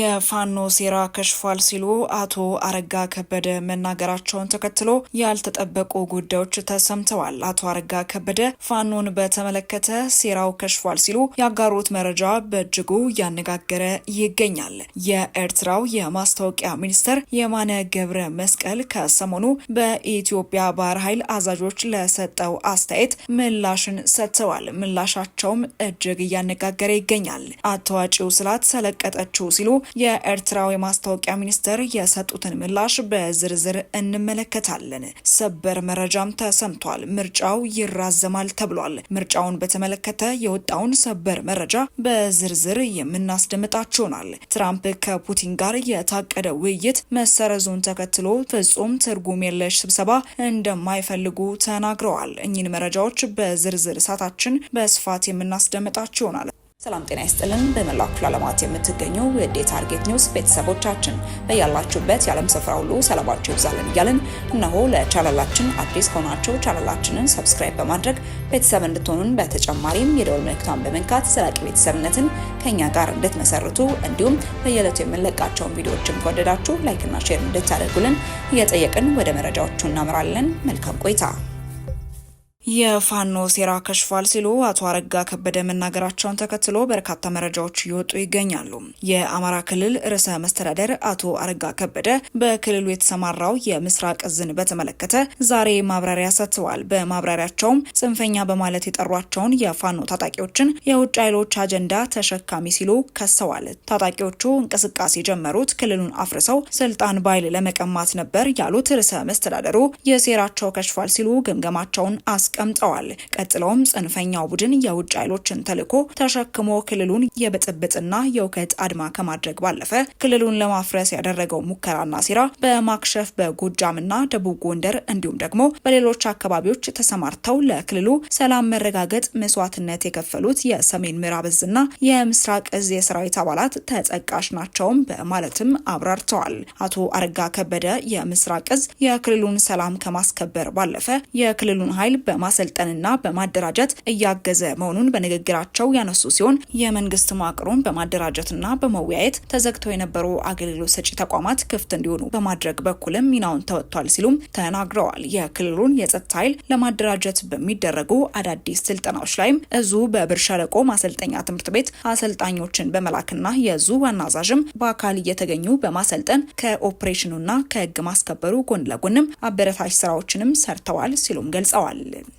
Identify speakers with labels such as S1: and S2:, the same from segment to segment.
S1: የፋኖ ሴራ ከሽፏል ሲሉ አቶ አረጋ ከበደ መናገራቸውን ተከትሎ ያልተጠበቁ ጉዳዮች ተሰምተዋል። አቶ አረጋ ከበደ ፋኖን በተመለከተ ሴራው ከሽፏል ሲሉ ያጋሩት መረጃ በእጅጉ እያነጋገረ ይገኛል። የኤርትራው የማስታወቂያ ሚኒስትር የማነ ገብረ መስቀል ከሰሞኑ በኢትዮጵያ ባህር ኃይል አዛዦች ለሰጠው አስተያየት ምላሽን ሰጥተዋል። ምላሻቸውም እጅግ እያነጋገረ ይገኛል። አታዋጪው ስላት ሰለቀጠችው ሲሉ የኤርትራው የማስታወቂያ ሚኒስትር የሰጡትን ምላሽ በዝርዝር እንመለከታለን። ሰበር መረጃም ተሰምቷል። ምርጫው ይራዘማል ተብሏል። ምርጫውን በተመለከተ የወጣውን ሰበር መረጃ በዝርዝር የምናስደምጣችሁናል። ትራምፕ ከፑቲን ጋር የታቀደ ውይይት መሰረዙን ተከትሎ ፍጹም ትርጉም የለሽ ስብሰባ እንደማይፈልጉ ተናግረዋል። እኚህን መረጃዎች በዝርዝር እሳታችን በስፋት ይሆናል።
S2: ሰላም ጤና ይስጥልን። በመላው ክፍለ ዓለማት የምትገኙ የዴ ታርጌት ኒውስ ቤተሰቦቻችን በያላችሁበት የዓለም ስፍራ ሁሉ ሰላማችሁ ይብዛልን እያልን እነሆ ለቻናላችን አዲስ ከሆናችሁ ቻናላችንን ሰብስክራይብ በማድረግ ቤተሰብ እንድትሆኑን፣ በተጨማሪም የደወል ምልክቷን በመንካት ዘላቂ ቤተሰብነትን ከእኛ ጋር እንድትመሰርቱ እንዲሁም በየዕለቱ የምንለቃቸውን ቪዲዮዎችን ከወደዳችሁ ላይክና ሼር እንድታደርጉልን እየጠየቅን ወደ መረጃዎቹ እናምራለን። መልካም ቆይታ
S1: የፋኖ ሴራ ከሽፏል ሲሉ አቶ አረጋ ከበደ መናገራቸውን ተከትሎ በርካታ መረጃዎች እየወጡ ይገኛሉ። የአማራ ክልል ርዕሰ መስተዳደር አቶ አረጋ ከበደ በክልሉ የተሰማራው የምስራቅ እዝን በተመለከተ ዛሬ ማብራሪያ ሰጥተዋል። በማብራሪያቸውም ጽንፈኛ በማለት የጠሯቸውን የፋኖ ታጣቂዎችን የውጭ ኃይሎች አጀንዳ ተሸካሚ ሲሉ ከሰዋል። ታጣቂዎቹ እንቅስቃሴ ጀመሩት ክልሉን አፍርሰው ስልጣን በኃይል ለመቀማት ነበር ያሉት ርዕሰ መስተዳደሩ የሴራቸው ከሽፏል ሲሉ ግምገማቸውን አስ አስቀምጠዋል። ቀጥለውም ጽንፈኛው ቡድን የውጭ ኃይሎችን ተልዕኮ ተሸክሞ ክልሉን የብጥብጥና የውከት አድማ ከማድረግ ባለፈ ክልሉን ለማፍረስ ያደረገው ሙከራና ሴራ በማክሸፍ በጎጃምና ደቡብ ጎንደር እንዲሁም ደግሞ በሌሎች አካባቢዎች ተሰማርተው ለክልሉ ሰላም መረጋገጥ መስዋዕትነት የከፈሉት የሰሜን ምዕራብ እዝና የምስራቅ እዝ የሰራዊት አባላት ተጠቃሽ ናቸውም በማለትም አብራርተዋል። አቶ አረጋ ከበደ የምስራቅ እዝ የክልሉን ሰላም ከማስከበር ባለፈ የክልሉን ኃይል በማ በማሰልጠንና በማደራጀት እያገዘ መሆኑን በንግግራቸው ያነሱ ሲሆን የመንግስት መዋቅሩን በማደራጀትና በመወያየት ተዘግተው የነበሩ አገልግሎት ሰጪ ተቋማት ክፍት እንዲሆኑ በማድረግ በኩልም ሚናውን ተወጥቷል ሲሉም ተናግረዋል። የክልሉን የጸጥታ ኃይል ለማደራጀት በሚደረጉ አዳዲስ ስልጠናዎች ላይም እዙ በብር ሸለቆ ማሰልጠኛ ትምህርት ቤት አሰልጣኞችን በመላክና የዙ ዋና አዛዥም በአካል እየተገኙ በማሰልጠን ከኦፕሬሽኑና ከህግ ማስከበሩ ጎን ለጎንም አበረታች ስራዎችንም ሰርተዋል ሲሉም ገልጸዋል።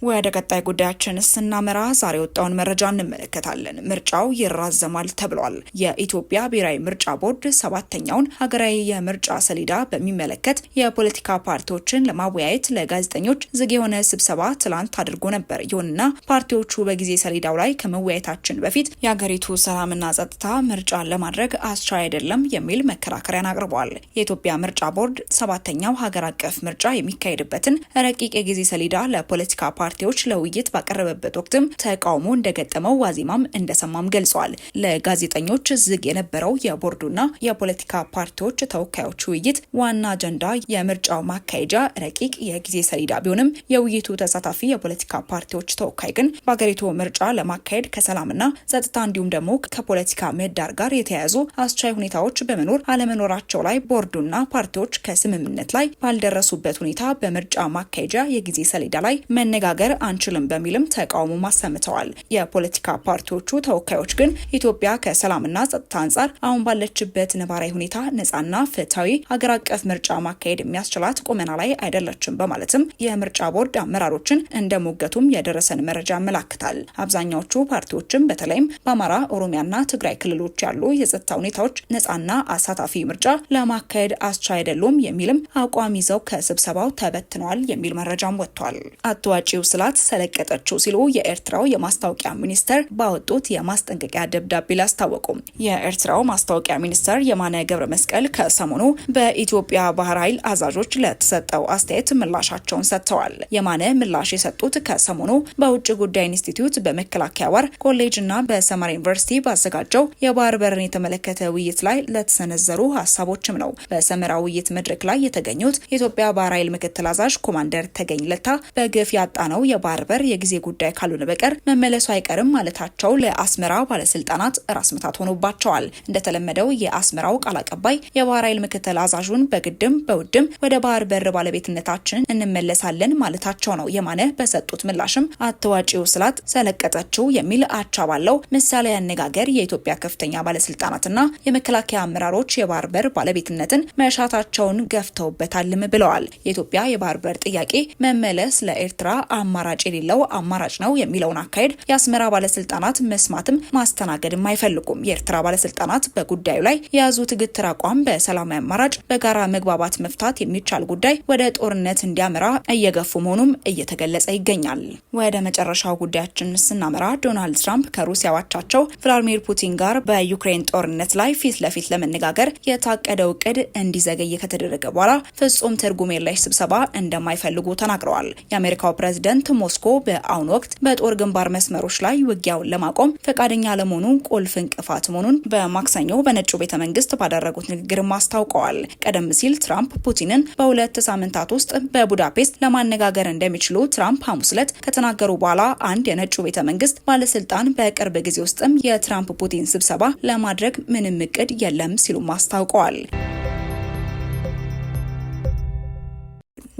S1: ወደ ቀጣይ ጉዳያችን ስናመራ ዛሬ ወጣውን መረጃ እንመለከታለን። ምርጫው ይራዘማል ተብሏል። የኢትዮጵያ ብሔራዊ ምርጫ ቦርድ ሰባተኛውን ሀገራዊ የምርጫ ሰሌዳ በሚመለከት የፖለቲካ ፓርቲዎችን ለማወያየት ለጋዜጠኞች ዝግ የሆነ ስብሰባ ትላንት አድርጎ ነበር። ይሁንና ፓርቲዎቹ በጊዜ ሰሌዳው ላይ ከመወያየታችን በፊት የሀገሪቱ ሰላምና ጸጥታ ምርጫን ለማድረግ አስቻይ አይደለም የሚል መከራከሪያን አቅርበዋል። የኢትዮጵያ ምርጫ ቦርድ ሰባተኛው ሀገር አቀፍ ምርጫ የሚካሄድበትን ረቂቅ የጊዜ ሰሌዳ ለፖለቲካ ፓርቲዎች ለውይይት ባቀረበበት ወቅትም ተቃውሞ እንደገጠመው ዋዜማም እንደሰማም ገልጿል። ለጋዜጠኞች ዝግ የነበረው የቦርዱና የፖለቲካ ፓርቲዎች ተወካዮች ውይይት ዋና አጀንዳ የምርጫው ማካሄጃ ረቂቅ የጊዜ ሰሌዳ ቢሆንም የውይይቱ ተሳታፊ የፖለቲካ ፓርቲዎች ተወካይ ግን በሀገሪቱ ምርጫ ለማካሄድ ከሰላምና ጸጥታ እንዲሁም ደግሞ ከፖለቲካ ምህዳር ጋር የተያያዙ አስቻይ ሁኔታዎች በመኖር አለመኖራቸው ላይ ቦርዱና ፓርቲዎች ከስምምነት ላይ ባልደረሱበት ሁኔታ በምርጫ ማካሄጃ የጊዜ ሰሌዳ ላይ መነጋ መነጋገር አንችልም በሚልም ተቃውሞ አሰምተዋል። የፖለቲካ ፓርቲዎቹ ተወካዮች ግን ኢትዮጵያ ከሰላምና ጸጥታ አንጻር አሁን ባለችበት ነባራዊ ሁኔታ ነጻና ፍትሐዊ አገር አቀፍ ምርጫ ማካሄድ የሚያስችላት ቁመና ላይ አይደለችም በማለትም የምርጫ ቦርድ አመራሮችን እንደሞገቱም የደረሰን መረጃ ያመላክታል። አብዛኛዎቹ ፓርቲዎችም በተለይም በአማራ ኦሮሚያና ትግራይ ክልሎች ያሉ የጸጥታ ሁኔታዎች ነጻና አሳታፊ ምርጫ ለማካሄድ አስቻ አይደሉም የሚልም አቋም ይዘው ከስብሰባው ተበትነዋል የሚል መረጃም ወጥቷል። አዋጪው የአብሲው ስላት ሰለቀጠችው ሲሉ የኤርትራው የማስታወቂያ ሚኒስተር ባወጡት የማስጠንቀቂያ ደብዳቤ ላይ አስታወቁ። የኤርትራው ማስታወቂያ ሚኒስተር የማነ ገብረ መስቀል ከሰሞኑ በኢትዮጵያ ባህር ኃይል አዛዦች ለተሰጠው አስተያየት ምላሻቸውን ሰጥተዋል። የማነ ምላሽ የሰጡት ከሰሞኑ በውጭ ጉዳይ ኢንስቲትዩት በመከላከያ ወር ኮሌጅ እና በሰመራ ዩኒቨርሲቲ ባዘጋጀው የባህር በርን የተመለከተ ውይይት ላይ ለተሰነዘሩ ሀሳቦችም ነው። በሰመራ ውይይት መድረክ ላይ የተገኙት የኢትዮጵያ ባህር ኃይል ምክትል አዛዥ ኮማንደር ተገኝ ለታ በግፍ ያጣ ነው የባርበር የጊዜ ጉዳይ ካልሆነ በቀር መመለሱ አይቀርም ማለታቸው ለአስመራ ባለስልጣናት ራስ ምታት ሆኖባቸዋል። እንደተለመደው የአስመራው ቃል አቀባይ የባህር ኃይል ምክትል አዛዡን በግድም በውድም ወደ ባህር በር ባለቤትነታችን እንመለሳለን ማለታቸው ነው። የማነ በሰጡት ምላሽም አትዋጪው ስላት ሰለቀጠችው የሚል አቻ ባለው ምሳሌ አነጋገር የኢትዮጵያ ከፍተኛ ባለስልጣናትና የመከላከያ አመራሮች የባህር በር ባለቤትነትን መሻታቸውን ገፍተውበታልም ብለዋል። የኢትዮጵያ የባህር በር ጥያቄ መመለስ ለኤርትራ አማራጭ የሌለው አማራጭ ነው የሚለውን አካሄድ የአስመራ ባለስልጣናት መስማትም ማስተናገድም አይፈልጉም። የኤርትራ ባለስልጣናት በጉዳዩ ላይ የያዙት ግትር አቋም በሰላማዊ አማራጭ በጋራ መግባባት መፍታት የሚቻል ጉዳይ ወደ ጦርነት እንዲያመራ እየገፉ መሆኑም እየተገለጸ ይገኛል። ወደ መጨረሻው ጉዳያችን ስናመራ ዶናልድ ትራምፕ ከሩሲያ ዋቻቸው ቭላዲሚር ፑቲን ጋር በዩክሬን ጦርነት ላይ ፊት ለፊት ለመነጋገር የታቀደው እቅድ እንዲዘገይ ከተደረገ በኋላ ፍጹም ትርጉም የለሽ ስብሰባ እንደማይፈልጉ ተናግረዋል። የአሜሪካው ፕሬዚደንት ፕሬዚደንት ሞስኮ በአሁኑ ወቅት በጦር ግንባር መስመሮች ላይ ውጊያውን ለማቆም ፈቃደኛ ለመሆኑ ቁልፍ እንቅፋት መሆኑን በማክሰኞ በነጩ ቤተ መንግስት ባደረጉት ንግግርም አስታውቀዋል። ቀደም ሲል ትራምፕ ፑቲንን በሁለት ሳምንታት ውስጥ በቡዳፔስት ለማነጋገር እንደሚችሉ ትራምፕ ሐሙስ ዕለት ከተናገሩ በኋላ አንድ የነጩ ቤተ መንግስት ባለስልጣን በቅርብ ጊዜ ውስጥም የትራምፕ ፑቲን ስብሰባ ለማድረግ ምንም እቅድ የለም ሲሉም አስታውቀዋል።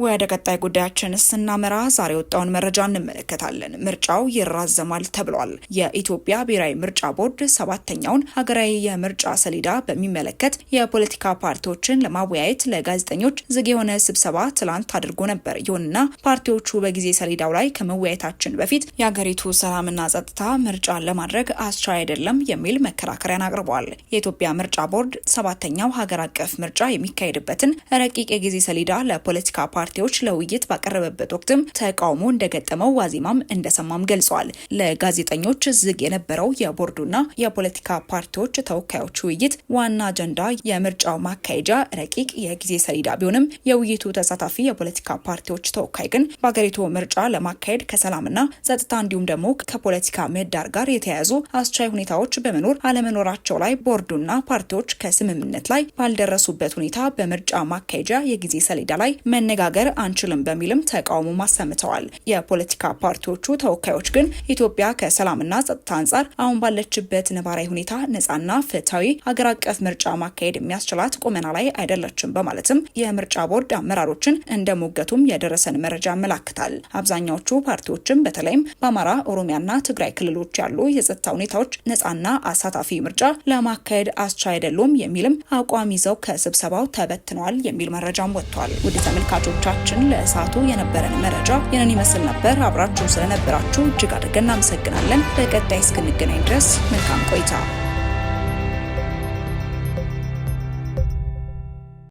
S1: ወደ ቀጣይ ጉዳያችን ስናመራ ዛሬ የወጣውን መረጃ እንመለከታለን። ምርጫው ይራዘማል ተብሏል። የኢትዮጵያ ብሔራዊ ምርጫ ቦርድ ሰባተኛውን ሀገራዊ የምርጫ ሰሌዳ በሚመለከት የፖለቲካ ፓርቲዎችን ለማወያየት ለጋዜጠኞች ዝግ የሆነ ስብሰባ ትላንት አድርጎ ነበር። ይሁንና ፓርቲዎቹ በጊዜ ሰሌዳው ላይ ከመወያየታችን በፊት የሀገሪቱ ሰላምና ጸጥታ ምርጫን ለማድረግ አስቻይ አይደለም የሚል መከራከሪያን አቅርበዋል። የኢትዮጵያ ምርጫ ቦርድ ሰባተኛው ሀገር አቀፍ ምርጫ የሚካሄድበትን ረቂቅ የጊዜ ሰሌዳ ለፖለቲካ ፓርቲ ፓርቲዎች ለውይይት ባቀረበበት ወቅትም ተቃውሞ እንደገጠመው ዋዜማም እንደሰማም ገልጸዋል። ለጋዜጠኞች ዝግ የነበረው የቦርዱና የፖለቲካ ፓርቲዎች ተወካዮች ውይይት ዋና አጀንዳ የምርጫው ማካሄጃ ረቂቅ የጊዜ ሰሌዳ ቢሆንም የውይይቱ ተሳታፊ የፖለቲካ ፓርቲዎች ተወካይ ግን በሀገሪቱ ምርጫ ለማካሄድ ከሰላምና ጸጥታ እንዲሁም ደግሞ ከፖለቲካ ምህዳር ጋር የተያያዙ አስቻይ ሁኔታዎች በመኖር አለመኖራቸው ላይ ቦርዱና ፓርቲዎች ከስምምነት ላይ ባልደረሱበት ሁኔታ በምርጫ ማካሄጃ የጊዜ ሰሌዳ ላይ መነጋገር መነጋገር አንችልም በሚልም ተቃውሞ አሰምተዋል። የፖለቲካ ፓርቲዎቹ ተወካዮች ግን ኢትዮጵያ ከሰላምና ጸጥታ አንጻር አሁን ባለችበት ነባራዊ ሁኔታ ነጻና ፍትሐዊ ሀገር አቀፍ ምርጫ ማካሄድ የሚያስችላት ቁመና ላይ አይደለችም በማለትም የምርጫ ቦርድ አመራሮችን እንደሞገቱም የደረሰን መረጃ ያመላክታል። አብዛኛዎቹ ፓርቲዎችም በተለይም በአማራ ኦሮሚያና ትግራይ ክልሎች ያሉ የጸጥታ ሁኔታዎች ነጻና አሳታፊ ምርጫ ለማካሄድ አስቻ አይደሉም የሚልም አቋም ይዘው ከስብሰባው ተበትነዋል የሚል መረጃም ወጥቷል። ውድ ተመልካቾች ዝግጅታችን ለእሳቱ የነበረን መረጃ ይህንን ይመስል ነበር። አብራችሁን ስለነበራችሁ እጅግ አድርገን እናመሰግናለን። በቀጣይ እስክንገናኝ ድረስ መልካም ቆይታ